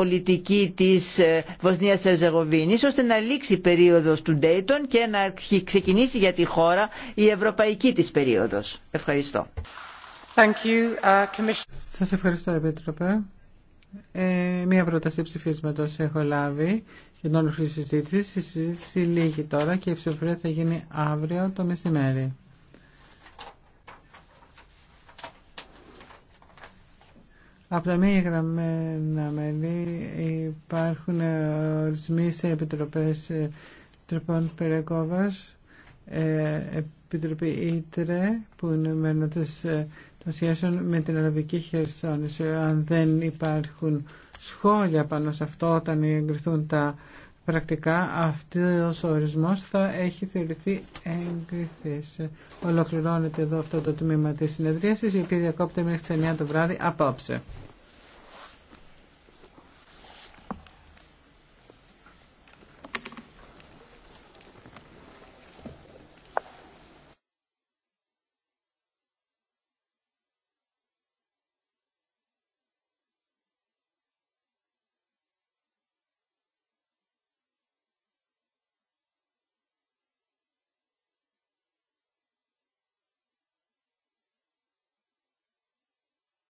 πολιτική της ε, Βοσνίας Ερζεγοβίνης ώστε να λήξει η περίοδος του Ντέιτον και να ξεκινήσει για τη χώρα η ευρωπαϊκή της περίοδος. Ευχαριστώ. Thank uh, Σας ευχαριστώ, Επίτροπε. Ε, μία πρόταση ψηφίσματο έχω λάβει για την όλη συζήτηση. Η συζήτηση λύγει τώρα και η ψηφοφορία θα γίνει αύριο το μεσημέρι. Από τα μη γραμμένα μέλη υπάρχουν ε, ορισμοί σε επιτροπές ε, τροπών Περεκόβας, ε, Επιτροπή Ήτρε, που είναι μέρο των σχέσεων με την Αραβική Χερσόνησο. Αν δεν υπάρχουν σχόλια πάνω σε αυτό όταν εγκριθούν τα πρακτικά, αυτός ο ορισμός θα έχει θεωρηθεί εγκριθής. Ολοκληρώνεται εδώ αυτό το τμήμα της συνεδρίασης, η οποία διακόπτεται μέχρι τις 9 το βράδυ απόψε.